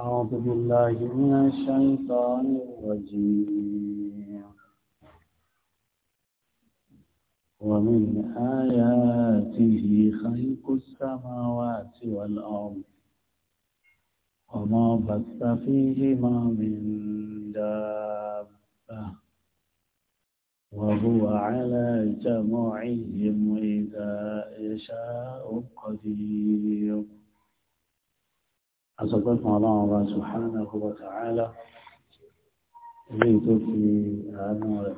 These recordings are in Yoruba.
أعوذ بالله من الشيطان الرجيم ومن آياته خلق السماوات والأرض وما بث فيهما من دابة وهو على جمعهم إذا يشاء قدير أصدقنا الله سبحانه وتعالى إليه في أنوره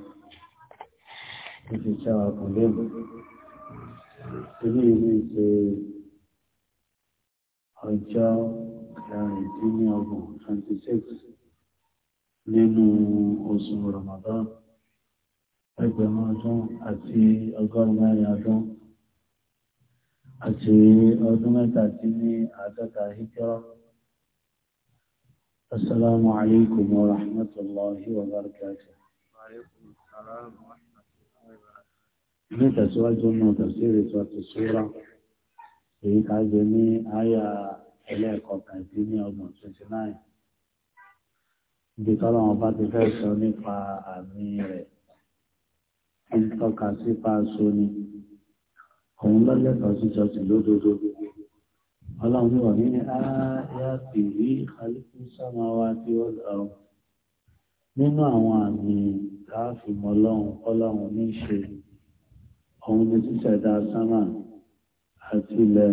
في سوى قليل إليه في أجاو كان الدنيا أبو 26 لأنه أسم رمضان أجمع أجمع أتي أقرنا يا أجمع àti ọdún mẹ́ta dín ní àádọ́ta hijira السلام عليكم ورحمة الله وبركاته وعليكم السلام ورحمة الله وبركاته متى سؤال جمع تفسير سورة في كازمي آية إليك وكازمي أو 29 بطلع وفاتي فاسوني فأمير إن تقاسي فاسوني هم لن يتوسي جوتي لدودو ọlọ́run ní wọ̀nyí ní ááyá pèrí àlékún sámáwá tí ó lọ́rùn nínú àwọn àmì káàfin ọlọ́run ọlọ́run ní ṣe òun ní ṣíṣẹ̀dá sámà àti ilẹ̀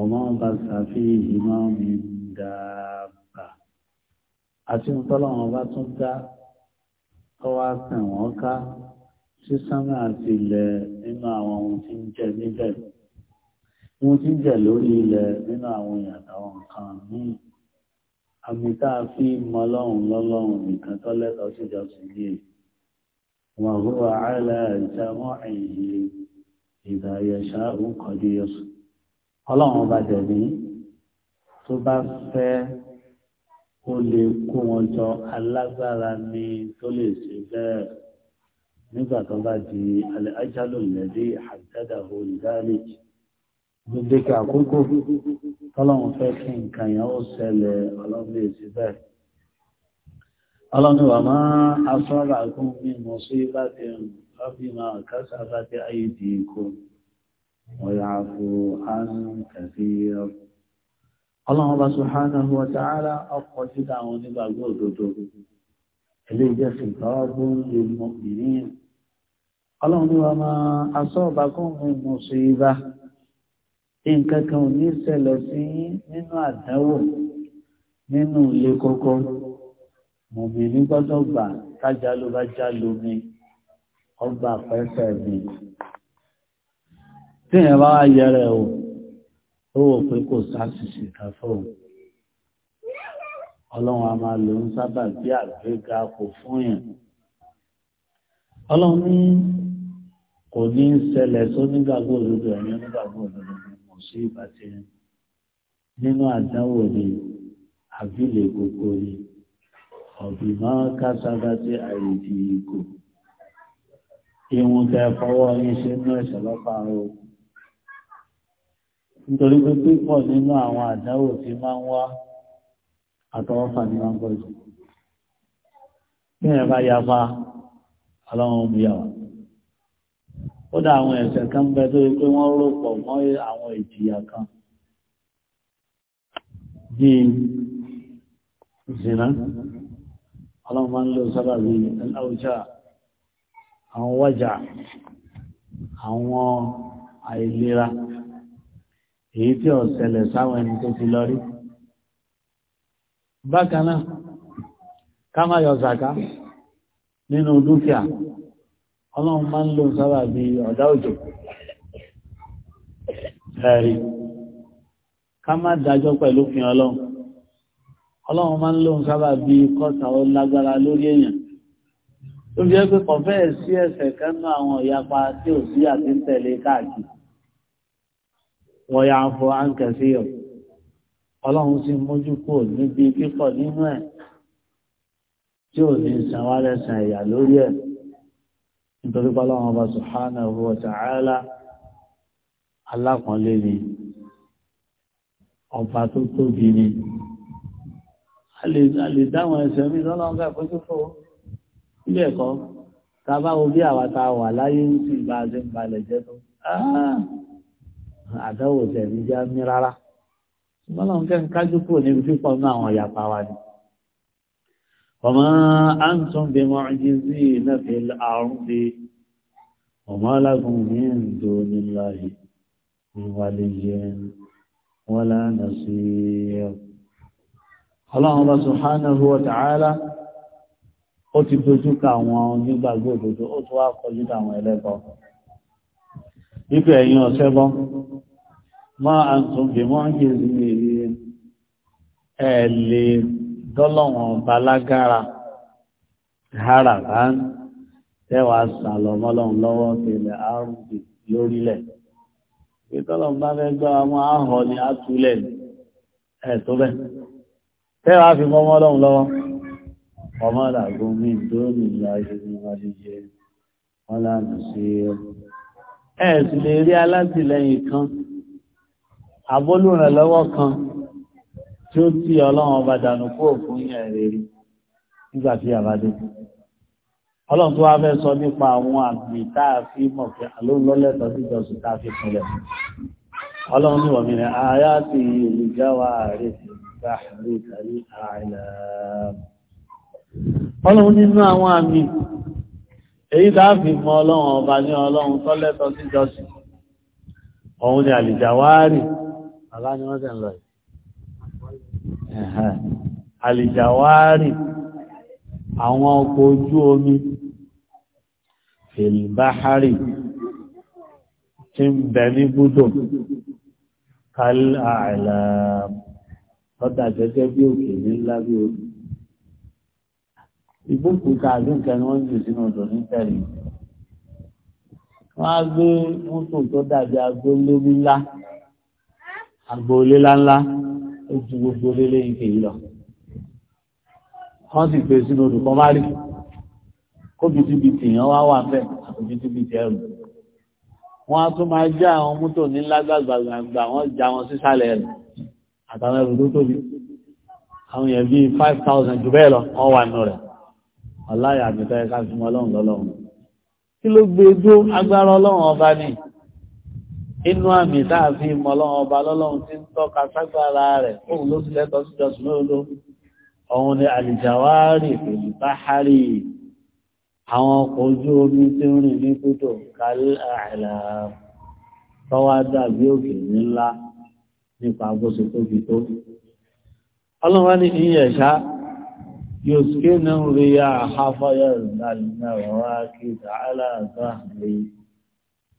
ọmọ ọba ṣàfihàn ìmọ̀ mi dáàbà àti ìtọ́lọ́run ọba tún dá tọ́wá tẹ̀wọ́n ká sí sámà àti ilẹ̀ nínú àwọn ohun tí ń jẹ níbẹ̀ wọ́n ti ń jẹ lórí ilẹ̀ nínú àwọn èèyàn àtàwọn nǹkan míì àmì tá a fi mọ lọ́hùn lọ́lọ́hùn nìkan tó lẹ́tọ̀ọ́ síjọ sí yìí wọ́n hùwà àìlẹ̀ ìjàmọ́ ẹ̀yìn ìdáyẹ̀ṣà òǹkọ̀dé yẹsùn ọlọ́run bá dẹ̀bí tó bá fẹ́ ó lè kó wọn jọ alágbára ni tó lè ṣe bẹ́ẹ̀ nígbà tó bá di alẹ́ ajálù lẹ́dí àdádàhùn ìdálẹ́jì. gbèdéke àkókò tọ́lọ́run fẹ́ kí nǹkan yẹn ó ṣẹlẹ̀ ọlọ́run èsì bẹ́ẹ̀. ọlọ́run bá ọkọ̀ títà àwọn onígbàgbọ́ jẹ́ lè mọ̀ ìrìn ọlọ́run máa nǹkan kan ò ní ṣẹlẹ̀ sí nínú àdánwò nínú ilé kókó mọ̀mí ní gbọ́dọ̀ gbà kájà ló bá já lómi ọgbà pẹ́sẹ̀ mi tí èèyàn bá yẹrẹ o ó wò pé kò sáṣìṣì kan fóun ọlọ́run a máa lò ń sábà bí àgbéga kò fún yàn ọlọ́run ní kò ní ń ṣẹlẹ̀ sónígbàgbọ́ òdodo ẹ̀yìn onígbàgbọ́ òdodo musibati nínú àdánwò ni àbílẹ̀ gbogbo ni ọ̀bì máa kásábá sí àìdí ikò ìwọ̀n tẹ fọwọ́ yín ṣe ní ẹ̀ṣẹ̀ lọ́pàá o nítorí pé pípọ̀ nínú àwọn àdánwò tí máa ń wá àtọwọ́fà ní máa ń bí ẹ̀ bá yapa ọlọ́run mú yà wá kódà àwọn ẹ̀ṣẹ̀ kan bẹ tó yẹ pé wọ́n rò pọ̀ mọ́ àwọn ìjìyà kan bí zina ọlọ́run ń lò sábà bí aláwùjá àwọn wájà àwọn àìlera èyí tí ó ṣẹlẹ̀ sáwọn ẹni tó ti lọ rí bákan náà ká má yọ zàká nínú dúkìá ọlọ́run máa ń lò sábà bí ọ̀dá òjò ẹ̀rí ká má dájọ́ pẹ̀lú fi ọlọ́run ọlọ́run máa ń lò sábà bí kọ́ta ó lágbára lórí èèyàn tó fi ẹ́ pé kọ̀ fẹ́ẹ̀ sí ẹ̀sẹ̀ kẹ́nu àwọn ìyapa tí ò sí àti ń tẹ̀lé káàkiri wọ́n yà ń fọ ọ̀ ọlọ́run sì mójú kúrò níbi kíkọ̀ nínú ẹ̀ tí ò ní sanwó-ẹ̀sán ẹ̀yà lórí ẹ̀ nítorí pálọ́ àwọn ọba subhanahu wa ta'ala alákọ̀ọ́lé ni ọba tó tóbi ni a lè dáwọn ẹsẹ̀ mi lọ́nà ọgá ìfojúfò ilé ẹ̀kọ́ ta bá wo bí àwa ta wà láyé ń sì bá a ṣe ń balẹ̀ jẹ́ tó ah, àdáwò tẹ̀ ní já mi rárá ṣùgbọ́n lọ́nkẹ́ ń kájú kúrò níbi fífọ́ náà àwọn ìyapa wa ni. وما أنتم بمعجزين في الأرض وما لكم من دون الله من ولي ولا نصير الله سبحانه وتعالى ó ti dojú ka àwọn onígbàgbọ́ òdodo ó tún mọ́ ń yé ẹ̀ lè dọ́lọ́wọ̀n ọba lágára hara kan tẹ́wàá sàlọ̀mọ́lọ́run lọ́wọ́ tẹ̀lẹ̀ àrùn lórílẹ̀ ìtọ́lọ̀n bá fẹ́ gbọ́ àwọn ahọ̀ ni a túlẹ̀ ẹ̀ tó bẹ́ tẹ́wàá fi mọ́ mọ́lọ́run lọ́wọ́ ọmọ ìdàgbò mi tó nìyà ìṣẹ́ni wájú jẹ wọn lánàá sí ẹ̀ sì lè rí alátìlẹyìn kan abólùrànlọ́wọ́ kan tí ó tí ọlọ́run ọba dànù kó òfin yẹn rèé nígbà tí àbádé ọlọ́run tó wá fẹ́ sọ nípa àwọn àmì tá a fi mọ̀ pé àlóńlọ́lẹ́tọ̀ sí ìjọsìn tá a fi pinlẹ̀ ọlọ́run ní wọ̀mí ni ààyá ti olùjáwà rẹ̀ ti gbà rí kàrí àìlẹ̀ ọlọ́run nínú àwọn àmì èyí tá a fi mọ ọlọ́run ọba ní ọlọ́run tọ́lẹ́tọ̀ sí ìjọsìn òun ni àlìjàwárì bàbá ni wọ́n tẹ̀ ń lọ yìí àlìjàwárì àwọn ọkọ̀ ojú omi fèlìbáhárì tí ń bẹ ní búdò kálàlá ọ̀dà gẹ́gẹ́ bí òkè ní ńlá bí orí ìgbókùnkà àdúnkẹ́ ni wọ́n jù sínú ọ̀dọ̀ ní tẹ̀lé wọ́n á gbé mọ́tò tó dàbí agboolé ó ju gbogbo lélé ìpè yìí lọ wọ́n sì pè sínú odò kan márì kóbi tíbi tìyàn wá wà bẹ́ẹ̀ àkóbi tíbi tẹ̀rù wọ́n á tún máa já àwọn mọ́tò nílá gbàgbàgbà wọ́n já wọn sísàlẹ̀ rẹ̀ àtàwọn ẹrù tó tóbi àwọn èèyàn bíi five thousand jù bẹ́ẹ̀ lọ wọ́n wà nù rẹ̀ ọláyà àgbẹ̀tọ́ ẹ̀ka fi mọ́ ọlọ́run lọ́lọ́run kí ló gbé dó agbára ọlọ́run ọba nìyí inú àmì táà fi mọ ọlọ́run ọba lọ́lọ́run tí ń tọ́ka ságbára rẹ̀ fóun ló sì lẹ́tọ́ sí jọsùn lóòló ọ̀hun ni àlìjàwárì pẹ̀lú báhárì àwọn ọkọ̀ ojú omi tí ń rìn ní kútó kálí àìlà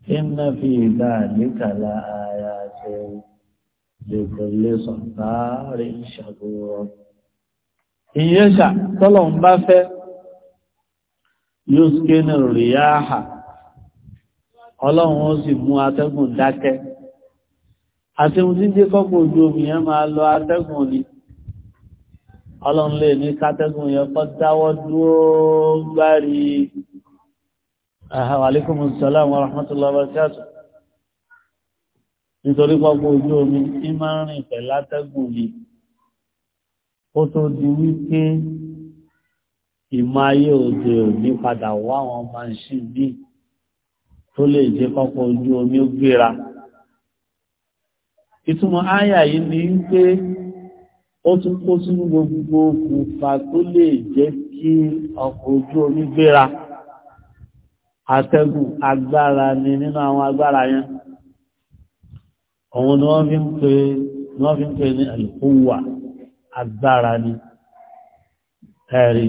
inna fi dhalika la ayatin li kulli sattarin shakur ìyẹn ṣà tọ́lọ̀ ń bá fẹ́ yóò ké ní rìyáhà ọlọ́run ó sì mú atẹ́gùn dákẹ́ àti ohun tí ń jẹ́ kọ́pọ̀ ojú omi yẹn máa lọ atẹ́gùn ni ọlọ́run lè ní kátẹ́gùn yẹn kọ́ dáwọ́ dúró gbárí Àhàwàlékùn Mùsùlùmí wa rahmatullahi wa barakatuh. Nítorí pọ́pọ̀ ojú omi tí máa ń rìn pẹ̀ látẹ́gùn yìí, ó tó di wípé ìmọ̀ ayé òde òní padà wá àwọn máṣín bí tó lè jẹ́ pọ́pọ̀ ojú omi ó gbéra. Ìtumọ̀ áyà yìí ni wípé ó tún kó sínú gbogbo òkùnfà tó lè jẹ́ kí ọkọ̀ ojú omi gbéra atẹ́gùn agbára ni nínú àwọn agbára yẹn òun ni wọ́n fi ń pè ni wọ́n fi ń pè ní àlùkúwà agbára ni ẹ̀rí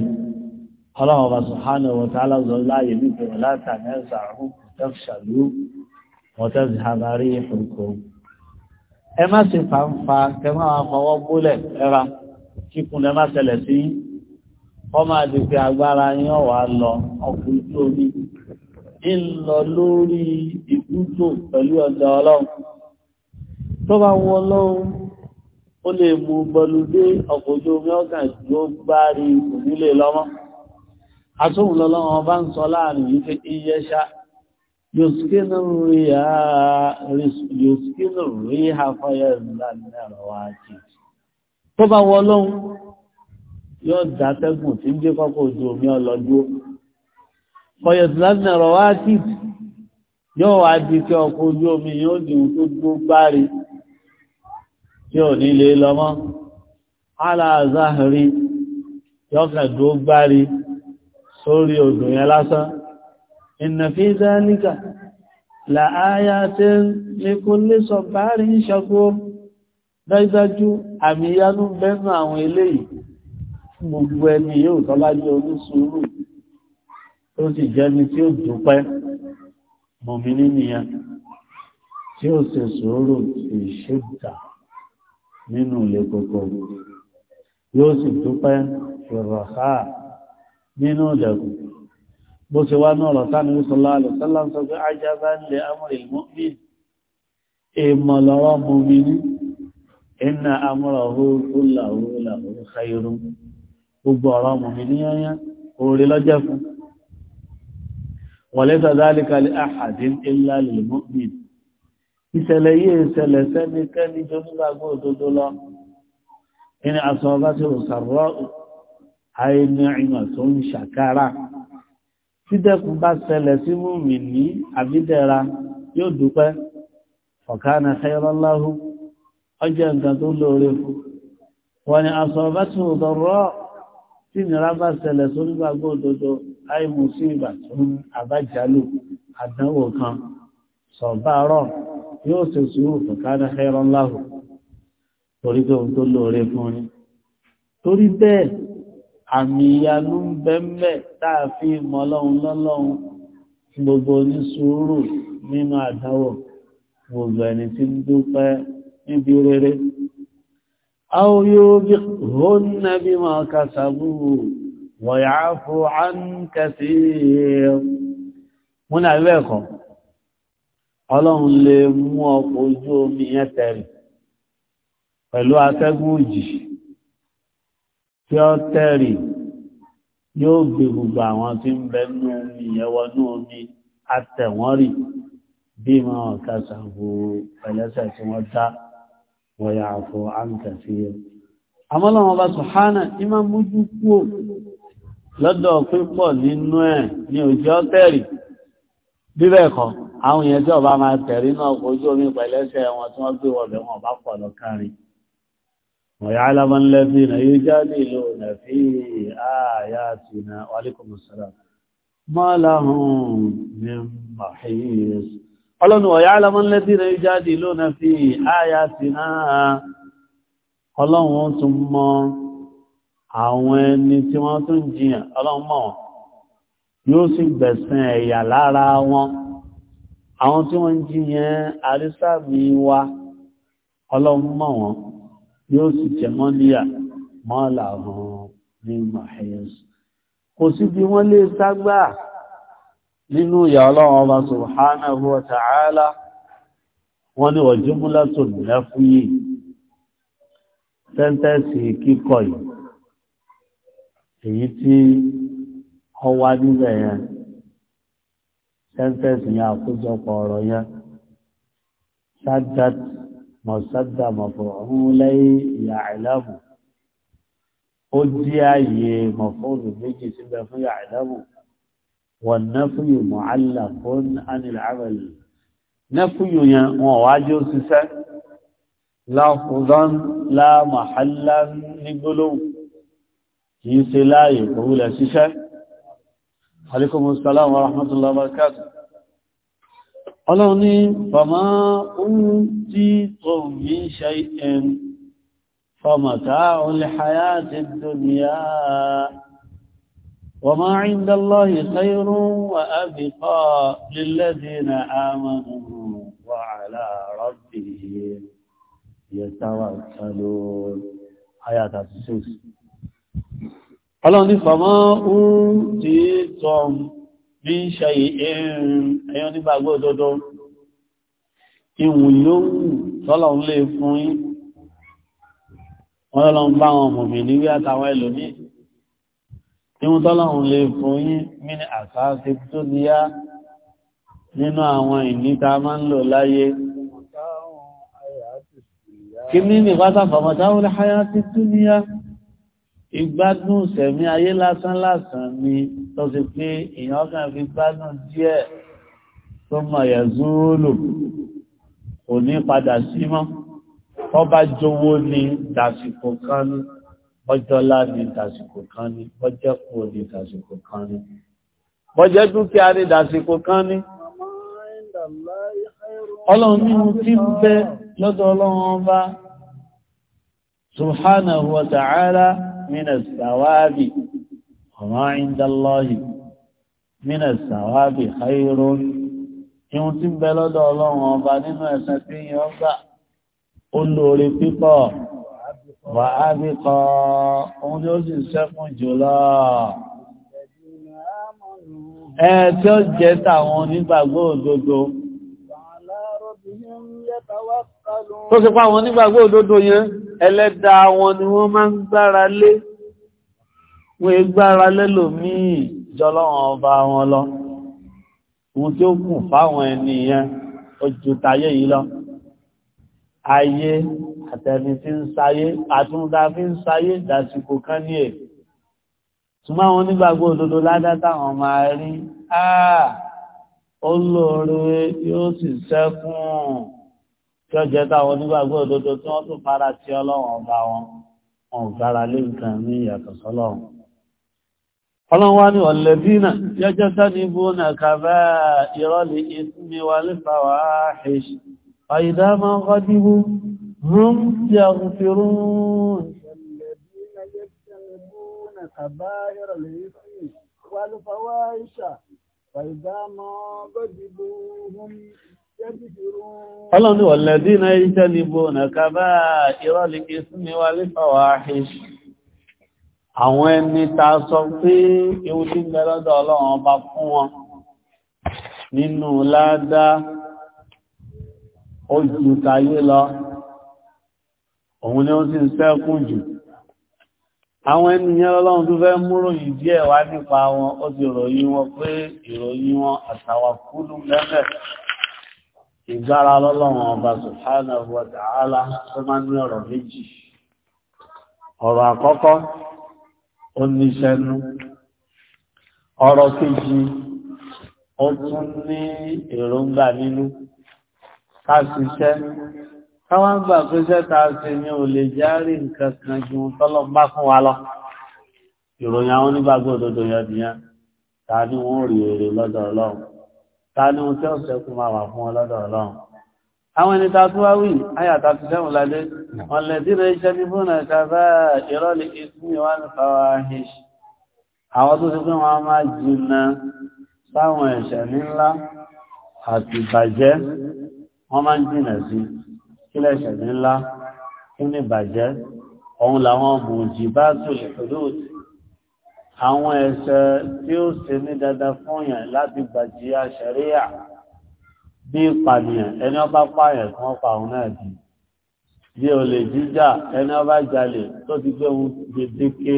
ọlọ́run bá subhanahu wa ta'ala zọ láàyè nípa ìwọ̀láta mẹ́sà ọ̀hún tẹ́fṣàlú wọ́tẹ́sì àbárí ìfòkòó ẹ má ṣe fàǹfà kẹ má wà fọwọ́ gbólẹ̀ ẹra kíkún lẹ má ṣẹlẹ̀ sí ọmọ àdìpẹ́ agbára yín ọ̀wà lọ ọkùnrin tó ní ń lọ lórí ìwúlò pẹ̀lú ọjà ọlọ́run tó bá wọ ọlọ́run ó lè mú bọlúdé ọkọ̀ ojú omi ọ̀gá ìdúró bá rí ònílé lọ́mọ́ atóhùn lọ́lọ́wọ́n bá ń sọ láàrin yìí pé iyẹ́ṣá yòskínú yóò dátẹ́gùn tí fọyọ̀sílánà rọwátì yóò wá di kí ọkọ̀ ojú omi yóò di ohun tó gbó gbáre tí ò ní lè lọ́mọ́ aláàzáhìrí yóò kàn dúó gbáre sórí odò yẹn lásán inna fi dhalika la ayatin li kulli sabarin shakur dájúdájú àmì ìyanu bẹ́nu àwọn eléyìí gbogbo ẹni yóò tọ́lájú onísùúrù tó sì jẹ́ni tí ó dúpẹ́ mọ̀mìnì nìyẹn tí ó ṣe sùúrù ìṣúdà nínú ilé gbogbo yóò sì dúpẹ́ ìrọ̀há nínú ìdẹ̀kùn bó ṣe wá náà lọ́tà ní sọlá àlùsọ́lá ń sọ pé ajá bá ń lè amúrè mọ́mìn èèmọ̀ lọ́wọ́ wọ̀lẹ́sà dáríkà lè àhàdín ilá lè mọ́bìn ìṣẹ̀lẹ̀ yìí ìṣẹ̀lẹ̀ sẹ́ni kẹ́ni tó nígbàgbọ́ òdodo lọ ẹni aṣọ ọba tí ó sàrọ́ àìní ìmọ̀ tó ń ṣàkárà sídẹ̀kùn bá ṣẹlẹ̀ sí múmi ní àbídẹ́ra yóò dúpẹ́ ọ̀kánà àìmú sí ìgbà tó ń àbájálò àdánwò kan sọ̀bárọ̀ yóò ṣe sùúrù fòkádá ẹran láhù torí pé ohun tó lóore fún ni torí bẹ́ẹ̀ àmì ìyanu ń bẹ́m̀bẹ̀ táà fi mọ lọ́hun lọ́lọ́hun gbogbo ní sùúrù nínú àdánwò ويعفو عن كثير. ilé ẹ̀kọ́ ọlọ́run lè mú ọkọ̀ ojú omi yẹn tẹ̀rì pẹ̀lú atẹ́gùn òjì tí ó tẹ̀rì yóò gbé gbogbo àwọn tí ń bẹ nú omi yẹn wọnú omi atẹ̀wọ́n rì bí wọn ọ̀ka ṣàbò pẹ̀lẹ́sẹ̀ tí wọ́n dá lọ́dọ̀ pípọ̀ nínú ẹ̀ ní òjò tẹ̀rì bíbẹ̀ kọ́ àwọn èèyàn tí ọba máa tẹ̀rí náà ojú omi pẹ̀lẹ́sẹ̀ wọn tí wọ́n gbé wọlé wọn bá pọ̀ lọ kárí wọ̀nyá alábọ́nlẹ́bí náà yóò jáde ìlú nàfi àyà àti ìnà wàlíkùn mọ́láhùn ní àwọn ẹni tí wọ́n tún jiyàn ọlọ́run mọ̀ wọn yóò sì gbẹ̀sìn ẹ̀yà lára wọn àwọn tí wọ́n jiyàn àrísàmì wa ọlọ́run mọ̀ wọn yóò sì jẹ wọ́n níyà mọ́ làwọn ní mahayes kò sí bí wọ́n lè ságbà nínú ìyà ọlọ́run ọba subhanahu wa ta'ala wọ́n ní ọjọ́ múlá tó nìyà fún yìí èyí tí ọ wá níbẹ̀ yẹn sẹ́ńtẹ́sì yẹn àkójọpọ̀ ọ̀rọ̀ yẹn sadat mọ̀sádà mọ̀fọ̀ọ́hún lẹ́yìn ya'lamu ó dí ààyè mọ̀fọ́ọ̀lù méjì síbẹ̀ fún ya'lamu wọ̀n náfúyù mọ̀álà fún anìláàbẹ̀lì náfúyù yẹn wọn wá òṣìṣẹ́ láfùdán láàmàhálà nígbólóhùn kì í ṣe láàyè kò wúlẹ̀ ṣiṣẹ́ alaikumus salam wa rahmatullahi wa barakatuh ọlọ́run ní fàmá ohun tí tó bí ṣe ẹn fàmàtà olè hayati duniya وما عند الله خير وأبقى للذين آمنوا وعلى ربهم يتوكلون آيات 6 ọlọ́run ní pàmọ́ ń tí tọ́m bí ń ṣe ẹ̀yọ́ nígbà gbọ́dọ́dọ́ ìwùn yóò tọ́lọ̀un lè fún yí wọ́n lọ́n bá wọn mọ̀mí níwé àtàwọn ẹlòmí ìwùn tọ́lọ̀un lè fún yí mini àsáàsì tó díyá nínú àwọn ìníta máa ń lò láyé kí ní ìfásàfàmọ̀táwọn láyá ti túnìyà ìgbádùn sẹ̀mí ayé lásán lásán ni tó sì pé èèyàn kan fi gbádùn díẹ̀ tó mọ̀ yẹ̀ zúúlù kò ní padà sí mọ́ ọba jowó ni dàsìkò kan ní ọjọ́lá ni dàsìkò kan ní ọjẹ́kù ni dàsìkò kan ní ọjẹ́ dúkìá ni dàsìkò kan ní ọlọ́run nínú tí ń bẹ lọ́dọ̀ ọlọ́run ọba subhanahu wa ta'ala من الثواب وما عند الله من الثواب خير ìhun tí ń bẹ lọ́dọ̀ ọlọ́run ọba nínú ẹ̀sẹ̀ tí yíò gbà ó lóore pípọ̀ wà á bí kọ ohun tí ó sì sẹ́kùn jùlọ ẹ tí ó jẹ́ tàwọn onígbàgbọ́ òdodo tó sì pa àwọn onígbàgbọ́ òdodo yẹn ẹlẹ́dà wọn ni wọ́n máa ń gbára lé wọ́n gbára lẹ́lòmíì jọlọ́wọ́n ọba wọn lọ ohun tí ó kù fáwọn ẹni yẹn ojú tayé yìí lọ ayé àtẹni tí ń sáyé àtúndà fi ń sáyé dàsìkò kan ní èkó ṣùgbọ́n àwọn onígbàgbọ́ òdodo ládátà wọn máa rí àà olóore yóò sì sẹ́kùn tí ọjọ́ táwọn onígbàgbọ́ òdodo tí wọ́n tún fara sí ọlọ́run ọba wọn wọn ò gbára lé nǹkan ní ìyàtọ̀ sọ́lọ́run ọlọ́run wá ní ọ̀lẹ́dínà yọjọ́ sẹ́ni bú nà kàbá ìrọ́lì ìsinmi wà lífàwà àṣìṣ ọ̀yìdá máa ń kọ́ dìbò rúm tí a kò fi rúm كبائر الإثم والفواحش فإذا ما غضبوا هم Ọlọ́run wọ̀lẹ̀dí na iṣẹ́ níbo nà kàbá ìrọ́lìkì súnmi wà lífàwà àṣíṣì. Àwọn ẹni ta sọ pé ewu tí ń bẹ̀lọ́dọ̀ ọlọ́run ọba fún wọn nínú ládá ojú tayé lọ. Òun ni ó sì ń sẹ́kùn jù. Àwọn ènìyàn ọlọ́run tó fẹ́ múrò yìí díẹ̀ wá nípa wọn, ó ti ròyìn wọn pé ìròyìn wọn àtàwà kúlù lẹ́mẹ̀ẹ́ ìgbára lọ́lọ́wọ́n ọba subhanahu wa ta'ala tó máa ní ọ̀rọ̀ méjì ọ̀rọ̀ àkọ́kọ́ ó níṣẹ́nú ọ̀rọ̀ kejì ó tún ní èròǹgbà nínú ká ṣiṣẹ́ káwọn gbà pé sẹ́ta ṣe ni ò lè járí nǹkan kan ju tọ́lọ́ bá fún wa lọ ìròyìn àwọn onígbàgbọ́ òdodo yọ̀dìyàn ta ni wọ́n rí èrè lọ́dọ̀ ọlọ́run tani ohun tí ọ̀sẹ̀ kú máa wà fún ọlọ́dọ̀ ọlọ́run àwọn ẹni tàbí wá wí ayàtà ti sẹ́wọ̀n ládé ọ̀lẹ̀dínà iṣẹ́ ní fún ẹ̀kàfẹ́ ìrọ́lẹ̀ ìsinmi wá ní fawahish àwọn tó ti pé wọn máa jìnà sáwọn ẹ̀ṣẹ̀ ńlá àti ìbàjẹ́ wọn máa àwọn ẹ̀ṣẹ̀ tí ó ṣe ní dandan fún yẹn láti gbàjí àṣẹríyà bí ìpànìyàn ẹni ọba pààyàn kan pa òun náà di bí olè jíjà ẹni ọba jalè tó ti gbé ohun gbèdéke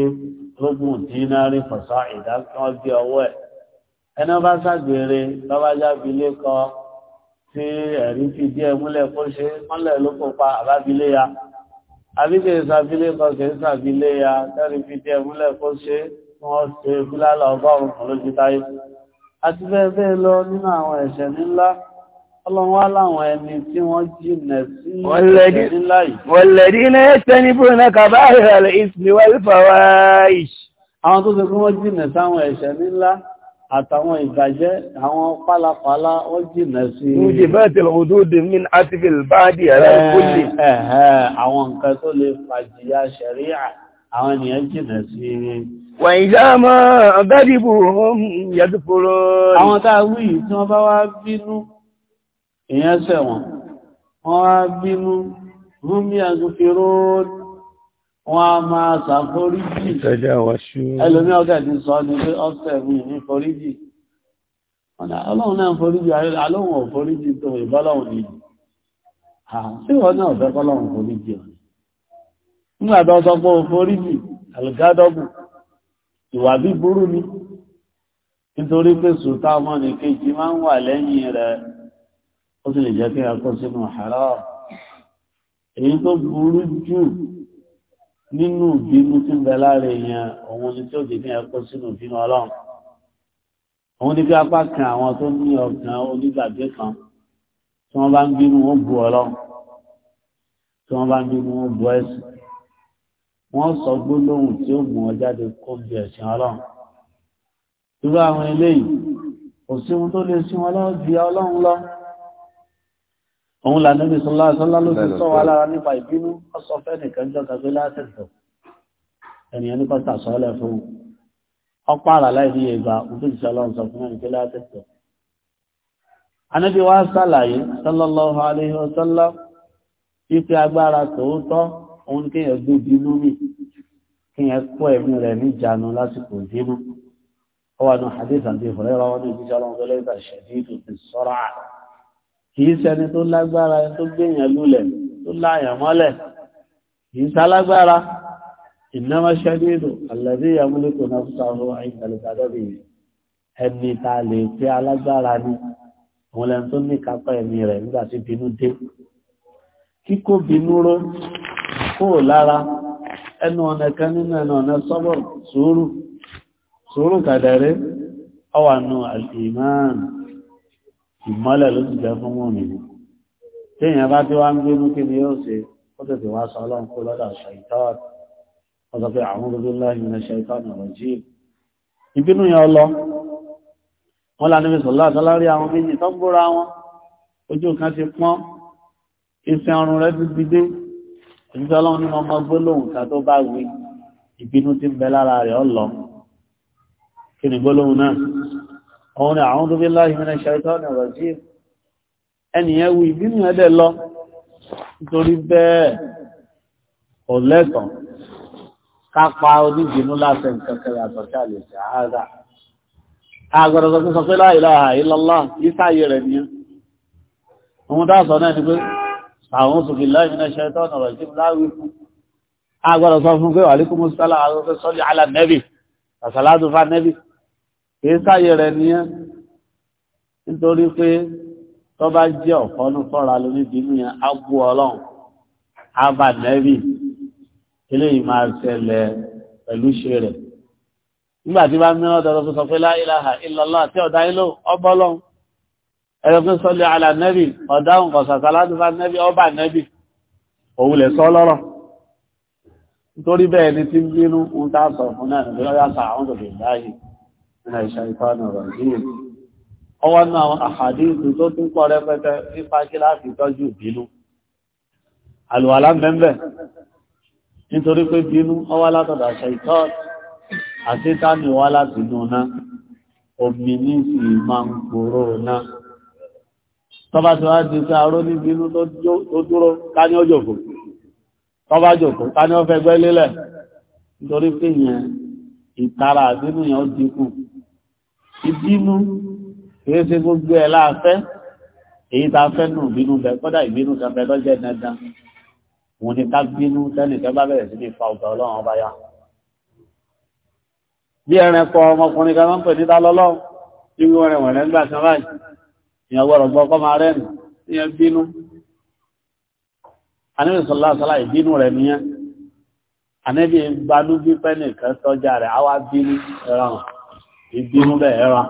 lógún dínárì fọ̀sán ìdá kí wọ́n gbé ọwọ́ ẹ̀ ẹni ọba ṣàgbèrè wọ́n ṣe bílálà ọgọ́rùn-ún lójú táyé àti bẹ́ẹ̀ bẹ́ẹ̀ lọ nínú àwọn ẹ̀ṣẹ̀ ńlá ọlọ́run wá láwọn ẹni tí wọ́n jìnà sí ẹ̀ṣẹ̀ ńlá yìí wọ̀lẹ̀dí iná ẹ̀ṣẹ̀ ní àwọn tó ṣe wọ́n jìnà sáwọn ẹ̀ṣẹ̀ ńlá àtàwọn ìbàjẹ́ àwọn pálapàla wọ́n jìnà sí àwọn nǹkan tó lè fàjìyà ṣẹ̀ríà àwọn ènìyàn jìnà sí wà ìjámọ́ ọ̀gádìbò ohun yàdùfòrò àwọn tàà wí tí wọ́n bá wá bínú èyàn ṣẹ̀ wọ́n wọ́n wá bínú wọ́n bí àgùfèrò wọ́n a máa ṣàforíjì ẹlòmí ọ̀gá ti sọ ní pé ọ́sẹ̀ mi ní foríjì ọlọ́run náà foríjì alóhun ò ìwà bí burú ni nítorí pé sùtá ọmọnìkejì máa ń wà lẹ́yìn rẹ̀ ó sì lè jẹ́ kí a kó sínú haram èyí tó burú jù nínú ìbínú tí ń bẹ lára èèyàn òun ni tí ó dìbí ẹ kó sínú ìbínú ọlọ́run òun ni kí apá kan àwọn tó ní ọkàn onígbàgbé kan tí wọ́n bá ń bínú wọn bu ọlọ́run tí wọ́n bá ń bínú wọn bu ẹ̀sìn wọ́n sọ gbólóhùn tí ó mú ọ jáde kó bí ẹ̀sìn ọlọ́run irú àwọn eléyìí kò sí ohun tó lè sí wọn lọ bí ọlọ́run lọ òun là níbi sọlá sọlá ló ti sọ wá lára nípa ìbínú ọsọ fẹ́nìkan jọ kàgbé látẹ̀tọ̀ ènìyàn nípa tàṣọ́lẹ̀ fún ọpá àrà láì ní ìgbà òfíìsì ọlọ́run sọ alaihi wasallam ipe agbára tòótọ́ òun ní kéèyàn gbé bínú mi kéèyàn kọ́ ẹ̀mí rẹ̀ ní ìjánu lásìkò ìdínú ó wà ní hadith àti ìfọ̀lẹ́ ra wọn ní ìgbésẹ̀ ọlọ́run fẹ́lẹ́ ìgbà ṣẹ̀dídù ti sọ́ra kì í ṣẹni tó lágbára ẹni tó gbéyàn lulẹ̀ tó láyàn mọ́lẹ̀ kì í ṣalágbára ìnáwó ṣẹ̀dídù àlẹ́bí ìyàmúlẹ́kọ̀ọ́ náà fún sáwọn ọ̀hún àìkàlùkàdọ́bì ẹni ta lè pé alágbára ni òun lẹ́nu tó ní kápá ẹ̀mí rẹ̀ nígbà tí bínú dé kíkó bínú ró kúrò lára ẹnu ọ̀nà kan nínú ẹnu ọ̀nà sọ́bọ̀ sùúrù sùúrù kàdẹ̀rẹ́ ọwànú al-iman ìmọ́lẹ̀ ló ti jẹ́ fún mọ́mí tí èyàn bá tí wá ń gbé mú kí ni yóò ṣe ó tètè wá sọ ọlọ́run kó lọ́dà ṣàìtọ́ọ̀t wọ́n sọ pé àwọn gbogbo láàrin ní ṣàìtọ́ọ̀nà rọ̀jí ìbínú yẹn lọ wọ́n lá níbi sọ̀lá ìfẹ́ ọrùn rẹ̀ ti gbidé ìjọ lọ́wọ́ ní ọmọ gbólóhùn ká tó bá wí ìbínú tí ń bẹ lára rẹ̀ ọlọ kí ni gbólóhùn náà òun ni àwọn tóbi láì mìíràn ṣàìtọ́ ní ọ̀rọ̀ sí ẹnìyẹn wí ìbínú ẹ̀dẹ̀ lọ nítorí bẹ́ẹ̀ kò lẹ́tọ̀ ká pa oníbínú láti nǹkan kẹrẹ àtọ̀kí àwọn sòfì láì ní ṣe tọ́nà rẹ̀ sí láwí fún agbọ́dọ̀ sọ fún pé wà líkú mọ́sálà àwọn fẹ́ sọ́lì alà nẹ́bì àsàlátù fà nẹ́bì kìí sáyé rẹ̀ nìyẹn nítorí pé tó bá jẹ́ ọ̀fọ́nú fọ́ra lórí bínú yẹn á bú ọlọ́run á bà nẹ́bì eléyìí máa ṣẹlẹ̀ pẹ̀lú ṣe rẹ̀ nígbà tí bá mìíràn tọ́tọ́ sọ pé láìláha ìlọ́lá tí ọ̀dá ilé ọgbọ́lọ́run ẹ̀rọ̀kún sọ́lẹ̀ alànẹ́bì ọ̀dáhùn kọ̀sàtà láti bá nẹ́bì ọba nẹ́bì òwúlẹ̀ sọ lọ́rọ̀ nítorí bẹ́ẹ̀ ni tí bínú ń tààsọ̀ fún náà nígbẹ́ yàtà àwọn tó lè láàyè nínú ìṣà ìtọ́nà rọ̀díyìn ọwọ́ náà àhàdíìsì tó tún pọ̀ rẹpẹtẹ nípa kí láti tọ́jú bínú àlùwàlá mẹ́mbẹ̀ nítorí pé bínú ọwọ́ látọ̀dà àṣà ìtọ́ àti tánìwá láti nù náà omi ní sì ń kúrò náà tọba tí wá di sàárò níbi inú tó dúró káni ó jòkó tọba jòkó káni ó fẹ́ gbẹ́ lélẹ̀ nítorí pé yẹn ìtara àbínú yẹn ó dínkù ìbínú kìí ṣe gbogbo ẹ̀ láàfẹ́ èyí tá a fẹ́ nù bínú bẹ kọ́dà ìbínú kan bẹ lọ́jẹ́ dandan òun ni ká bínú tẹ́nìkan bá bẹ̀rẹ̀ sí ní fa ọ̀gá ọlọ́run ọba ya bí ẹranko ọmọkùnrin kan máa ń pè níta lọ́lọ́run ìyẹn gbọ́dọ̀ gbọ́ kọ́ máa rẹ́ nù ìyẹn bínú anábì sọlá sọlá ìbínú rẹ̀ nìyẹn anábì gbanú bípẹ́ nìkan tọ́jà rẹ̀ àwa bínú ẹran ìbínú bẹ́ẹ̀ ẹran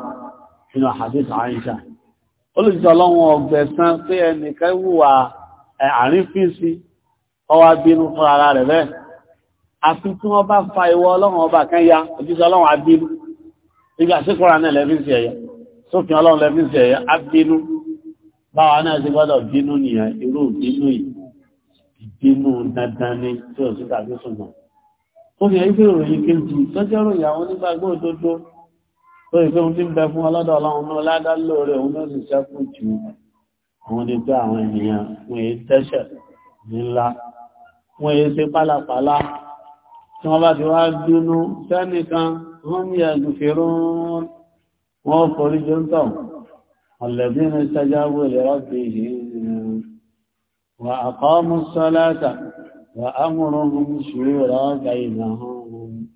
nínú àdìsọ àyíṣà olùsọ ọlọ́run ọgbẹ̀sán pé ẹnìkan wùwà àrífíìsì ọwá bínú fún ara rẹ̀ bẹ́ẹ̀ àfi tí wọ́n bá fa ìwọ ọlọ́run ọba kan ya òjíṣẹ́ ọlọ́run abínú nígbà síkúra náà lẹ́bí sí ẹ̀yà sófin ọlọ́run lẹ́fí ṣe ábínú báwa náà sí gbọ́dọ̀ bínú nìyàn irú bínú ìbínú dandan ni tí ò sí tàbí ṣùgbọ́n ó fi ẹ̀yí ìròyìn kejì tọ́jọ́ ròyìn àwọn onígbàgbọ́ òdodo tó ìfẹ́ ohun tí ń bẹ fún ọlọ́dọ̀ wọ́n forí الذين استجابوا لربهم وأقاموا الصلاة وأمرهم شورى بينهم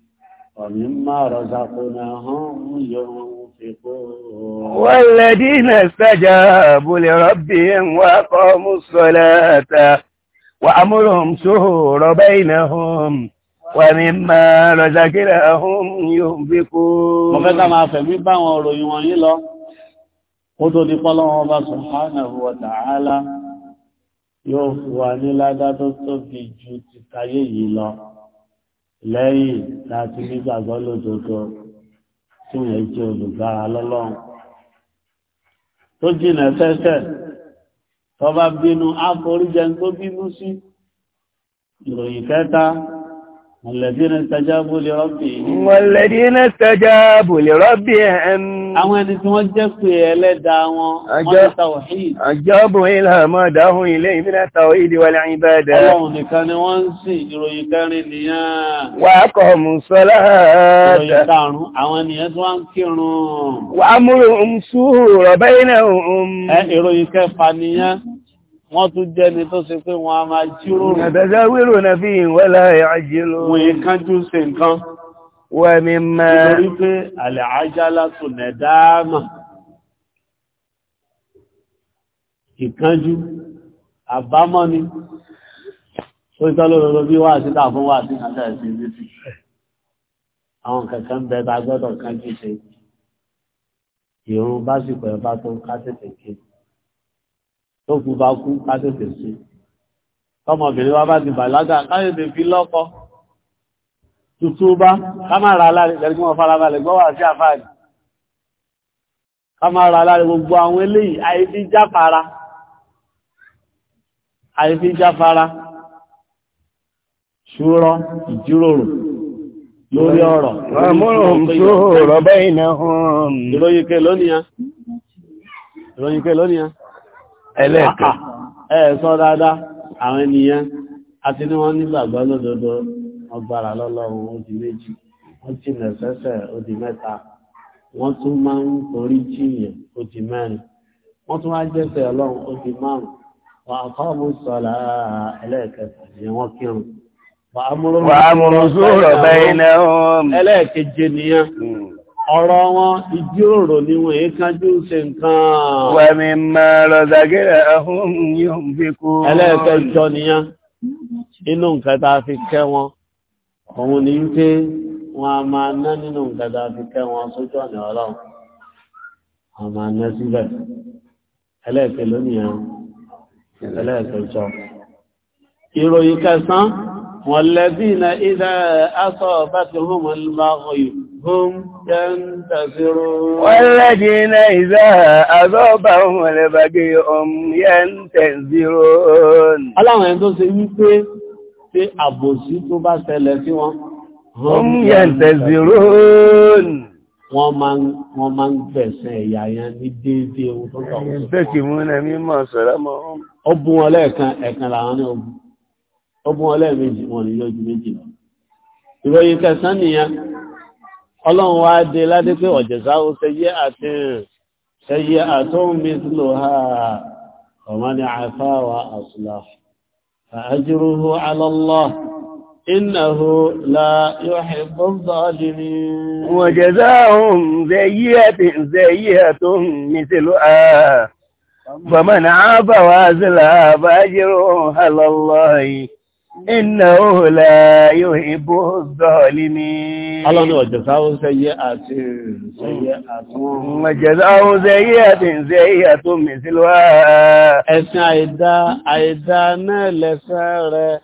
ومما رزقناهم ينفقون والذين استجابوا لربهم وأقاموا الصلاة وأمرهم شورى بينهم wàmí máa rọ̀ṣàkírà ọ̀hún yóò bí kó. mo fẹ́ ká máa fẹ̀mí bá wọn ròyìn wọ̀nyí lọ ó tó di pọ́lọ́wọ́n bá subhanahu wa ta'ala yóò wà ní ládá tó tóbi ju tó bínú sí ìròyìn kẹta Wọ̀lẹ̀dínà ìtajábò lè rọ́bì. Wọ̀lẹ̀dínà ìtajábò lè rọ́bì ẹ̀m. Àwọn ẹni tí wọ́n jẹ́ pé ẹlẹ́dà wọn, wọ́n tàwàhídì. Àjọ́bò ìlàmọ́ dáhùn ilé ìmìnà tàwàhídì wà láàrin bá dá. Ọlọ́run nìkan ni wọ́n ń sìn ìròyìn wọ́n tún jẹ́ni tó ṣe pé wọ́n a máa jíròrò. Ẹ̀bẹ̀sẹ̀ wírò náà fi ìwẹ́ láàrin àjílò. Wọ́n yí kánjú sí nǹkan. Wọ́n mi mẹ́. Nítorí pé àlẹ́ ajá látò nẹ̀dáàmà. Ìkánjú, àbámọ́ ni. Ó tọ́ lọ́rọ̀ bí wà síta fún wà sí kàtà sí ìrísí. Àwọn kankan bẹ ta gbọ́dọ̀ kánjú ṣe. Ìrún básìkò ẹ̀bá tó ń ká tètè kéde tó kú bá kú ká tètè sí tọmọbìnrin wa bá ti bàlágà ká tètè fi lọ́kọ tutù bá ká má ra aláàrẹ pẹ̀lú kí wọ́n farabalẹ̀ gbọ́ wà sí àfáàdì ká má ra aláàrẹ gbogbo àwọn eléyìí àìfi jáfara àìfi jáfara ṣúrọ ìjíròrò lórí ọ̀rọ̀ ọmọrùn tó rọ̀bẹ́ ìnáhùn ìròyìnkẹ́ lónìí ẹlẹ́ẹ̀kẹ́ ẹ̀ ah, ah, eh, sọ dáadáa àwọn ènìyàn àti ní wọ́n nígbàgbọ́ lọ́lọ́run ó di méjì wọ́n ti ó di mẹ́ta wọ́n tún máa ń torí jìyàn ó di mẹ́rin wọ́n tún di ni wọ́n ọ̀rọ̀ wọn ìjíròrò ni wọ́n èé kánjú ṣe nǹkan. wà mí máa lọ zàgẹ́rẹ̀ ọ̀hún yóò fi kú. ẹlẹ́ẹ̀kẹjọ nìyẹn inú nǹkan tá a fi kẹ́ wọn òun ni wípé wọn a máa ná nínú nǹkan fi kẹ́ wọn sójú ọ̀nà ọlọ́run wọn máa ná síbẹ̀ ẹlẹ́ẹ̀kẹ lónìyàn ẹlẹ́ẹ̀kẹjọ. ìròyìn kẹsàn-án mọ̀lẹ́bí na ìdá aṣọ ọ̀bá ti hùwà lọ́wọ́ yìí. هم ينتصرون والذين إذا أذوبهم لبقي هم ينتصرون Aláwọn ẹni tó ṣe wípé pé àbòsí tó bá ṣẹlẹ̀ sí wọn. Hum yantazirun. Wọ́n máa ń gbẹ̀sẹ̀ ẹ̀yà yẹn ní déédéé ohun tó tọ̀. Ìgbẹ́kì mú ní ẹ̀mí mọ̀ sọ̀rọ̀ mọ́. Ó bú wọn lẹ́ẹ̀kan ẹ̀kan làwọn ní ogun. Ó bú wọn lẹ́ẹ̀mejì wọn ní yóò ju méjì lọ ọlọ́run wá dé ládé pé ọ̀jẹ̀sá ó sẹ́yẹ́ àti sẹ́yẹ́ àtọ́hún bí sílò ha ọmọ ni àfáwà àṣùlá fàájúrúhú alọ́lọ́ innahu la yuhibbu adh-dhalimin wajazahum sayyi'atin sayyi'atun mithluha faman 'afa wa azlaha fa'ajruhu 'ala Allah Iná òhùlà yóò ìbò zọ́ọ̀lì ní. Alọ́nà ọ̀jọ̀ta ó sẹ́yẹ́ àti ìrìnṣẹ́yẹ́ àtún. Ọ̀jọ̀ta ó sẹ́yẹ́ àti ìrìnṣẹ́yẹ́ àtún mi sí lọ́wọ́. Ẹ̀sìn àìdá àìdá náà lẹ́sẹ̀ rẹ̀.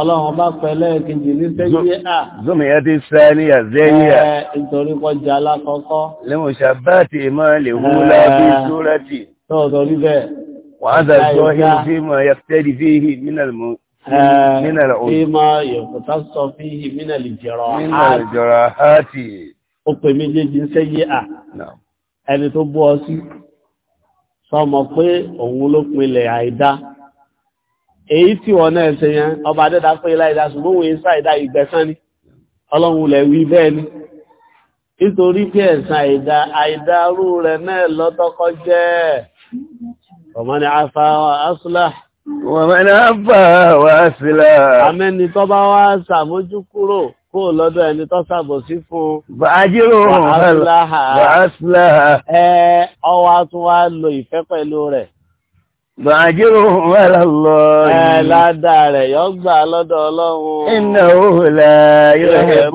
Ọlọ́run bá pẹ̀lẹ́ kejì ní sẹ́yẹ́ à. Zúmi yẹn ti sẹ́ ní àzẹ́yẹ́ à. Nítorí kọjá alákọ̀ọ́kọ́. Lẹ́wọ̀n ṣàbáàtì máa فيما يختص فيه من الجراحات من الجراحات ó pè méjèèjì ń sẹ́yé a ẹni tó bú ọ sí sọmọ pé èyí tí wọ́n náà ṣe ọba adẹ́dá pé láìdá ṣùgbọ́n òun ìsá àìdá ìgbẹ̀sán ni wí ni nítorí ẹ̀sán àìdárú rẹ̀ náà lọ́tọ́kọ́ jẹ́ ọmọ ni wọ̀mẹ́nà bá wá sílá. Àmẹ́ni tó bá wá sàmójú kúrò kó lọ́dọ̀ ẹni tó sàbòsí fún. Bàájírò wàásílá. Ẹ ọwá tún wá lo ìfẹ́ pẹ̀lú rẹ̀. Bàájírò wàlọ́lọ́. Ẹ rẹ̀ yọ gbà lọ́dọ̀ Ọlọ́run. Iná ilẹ̀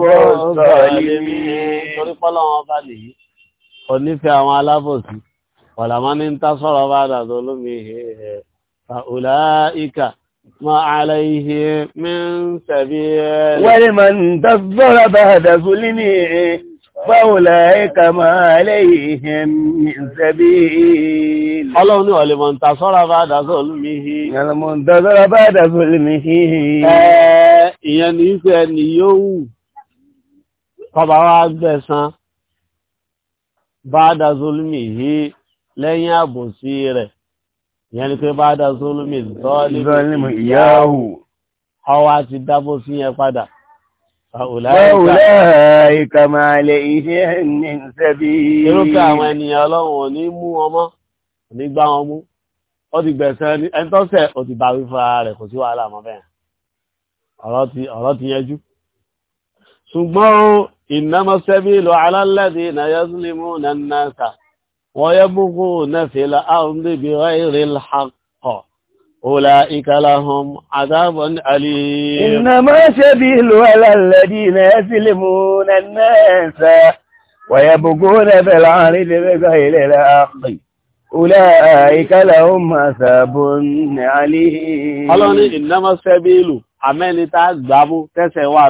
Torí bá àwọn alábòsí. ní ń tá sọ̀rọ̀ bá فأولئك ما عليه من سبيل ولمن تضر بعد ظلمه فأولئك ما عليهم من سبيل Ọlọ́run ní ọ̀lẹ́mọ̀ tàṣọ́rà bá dàṣọ́ olúmihì. Ọlọ́mọ̀ tàṣọ́rà bá dàṣọ́ olúmihì. Ìyẹn ni ìfẹ́ ni yóò wù, kọba wá gbẹ̀san, bá dàṣọ́ olúmihì lẹ́yìn àbòsí rẹ̀ ìyẹn ni pé bá dá sólùmí zọ́ọ̀lìmù ìyáhù ọwá ti dábò sí yẹn padà ọ̀láìka máa lè iṣẹ́ ní sẹ́bí irúfẹ́ àwọn ènìyàn ọlọ́run ò ní mú ọmọ ní gbá wọn mú ó ti gbẹ̀sẹ̀ ẹni tó ṣẹ̀ ó ti bá wí fúnra rẹ̀ kò sí wàhálà mọ́ bẹ́ẹ̀ ọ̀rọ̀ ti yẹjú ṣùgbọ́n ìnámọ́sẹ́bí lọ alálẹ́dì náà yẹ́sùlímù náà náà ويبغون في الأرض بغير الحق أولئك لهم عذاب أليم إنما سبيل ولا الذين يسلمون الناس ويبغون في العرض بغير الحق أولئك لهم عذاب أليم Ọlọ́run ní ìnámọ́sẹ́bílù, àmẹ́ni tá gbámú tẹ́sẹ̀ wà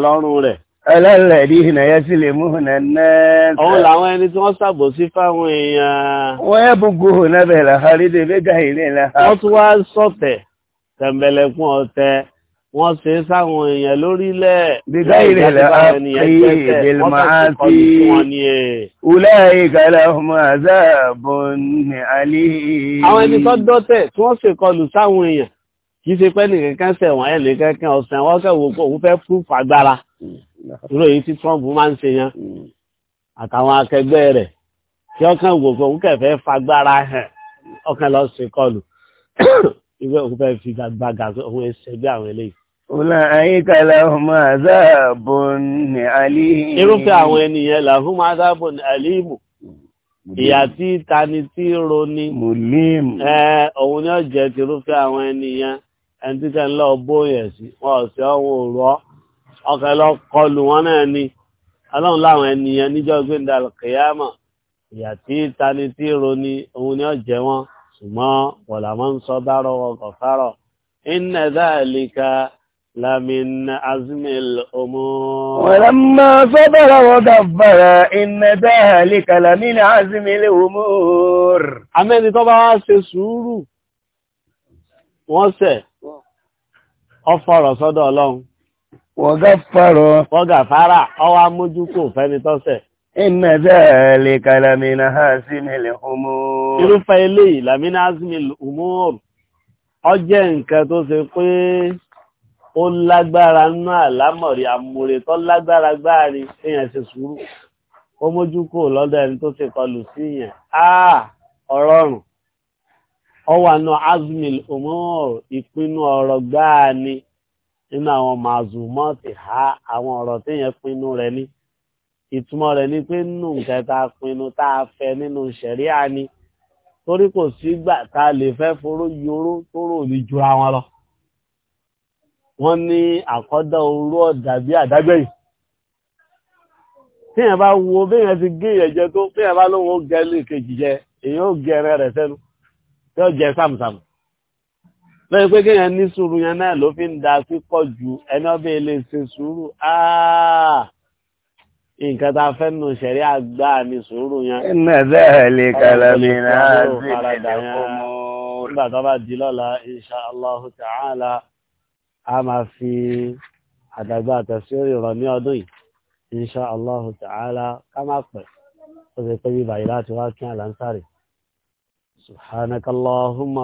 Alálẹ̀dínà yẹ́ sí lè mú hùnà náà. Òun làwọn ẹni tí wọ́n sàbò sí fáwọn èèyàn. Wọ́n yẹ́ gbogbo hùnà bẹ̀rẹ̀ làhárídé méjà ìrìn làhá. Wọ́n tún wá sọ̀tẹ̀, tẹ̀m̀bẹ̀lẹ̀kún ọ̀tẹ̀, wọ́n ṣe sáwọn èèyàn lórílẹ̀. Bígá ìrìn làhá kí ìbílẹ̀ máa ti. Ulẹ̀ ìkàlẹ̀ ọmọ àzáàbùn ní e. alí. Àwọn ẹni tó dọ́tẹ̀ wọ́n ṣèkọlù sáwọn Hmm. irú èyí tí Trump máa ń ṣe yẹn hmm. àtàwọn akẹgbẹ́ rẹ̀ tí ọkàn wò fún kẹfẹ́ fagbára hàn ọkàn lọ sí kọlù ìwé òun fẹ́ fi gbàgbà òun ẹsẹ̀ bí àwọn eléyìí. Ọlá àyíká làhùnmọ́ àdáàbò ní àlíhì. Irúfẹ́ àwọn ènìyàn làhùnmọ́ àdáàbò ní àlíhìmù. Ìyà tí tani tí roni. Mùlímù. Ẹ òun ni ó jẹ́ ti irúfẹ́ àwọn ènìyàn ẹni tí kẹ́ lọ bóyẹ̀ sí wọn ò ọ̀hún òrọ́ ọkàn lọ kọlù wọn náà ni ọlọ́run láwọn ènìyàn níjọ́ gbẹ̀ndà kìyàmọ̀ ìyà tí tani tí roni òun ni ó jẹ wọn ṣùgbọ́n wọ̀làmọ́ ń sọ dárọ̀ ọkọ̀ fárọ̀ inna dhalika لمن عزم الأمور ولما صبر ودبر إن ذلك لمن عزم الأمور àmẹ́ni tó bá ṣe sùúrù wọ́n ṣe ó fọ̀rọ̀ sọ́dọ̀ Ọlọ́run wọ́gáfàrọ̀. wọ́gáfàrà ọwọ́ amójúkò fẹ́ni tọ́sẹ̀. iná bẹ́ẹ̀ kalamina hasimi lè humur. irúfẹ́ eléyìí lamina hasimi lè humur. ọjẹ́ nǹkan tó ṣe pé ó lágbára nú àlámọ̀rí amòrè tó lágbára gbáàrí èèyàn ṣe sùúrù ó mójúkò lọ́dọ̀ ẹni tó ṣe kọlù sí yẹn ọ̀rọ̀rùn ọwọ́ àna hasimi lè humur ìpinnu ọ̀rọ̀ gbáà ni nínú àwọn màzùmọ́tì ha àwọn ọ̀rọ̀ tí yẹn pinnu rẹ̀ ní ìtumọ̀ rẹ̀ ni pé nínú nǹkan tá a pinnu tá a fẹ́ nínú ṣẹ̀ríà ni torí kò sígbà tá a lè fẹ́ foró yoró tó rò ní jura wọn lọ wọ́n ní àkọ́dá orú ọ̀dà bí àdágbẹ̀yìn tí yẹn bá wo bí ti gé yẹn jẹ tó bí bá lóun ó gẹ lè kejì jẹ èyí ó gẹrẹ rẹ sẹ́nu tí ó jẹ sàmùsàmù lọ́yìn pé kéèyàn ní sùúrù yẹn náà ló fi ń da pípọ̀ ju ẹni ọbẹ̀ ilé ṣe sùúrù ah! nǹkan tá a fẹ́ nù ṣẹ̀rí àgbà ní sùúrù yẹn. iná bẹ́ẹ̀ lè kàlẹ́ mi náà sí nígbà tó bá di lọ́la insha a fi àdàgbà rọ̀ ní ọdún yìí insha Allahu ta'ala ká má pẹ̀ ó ṣe pé bíbáyìí láti wá kí subhanakallahumma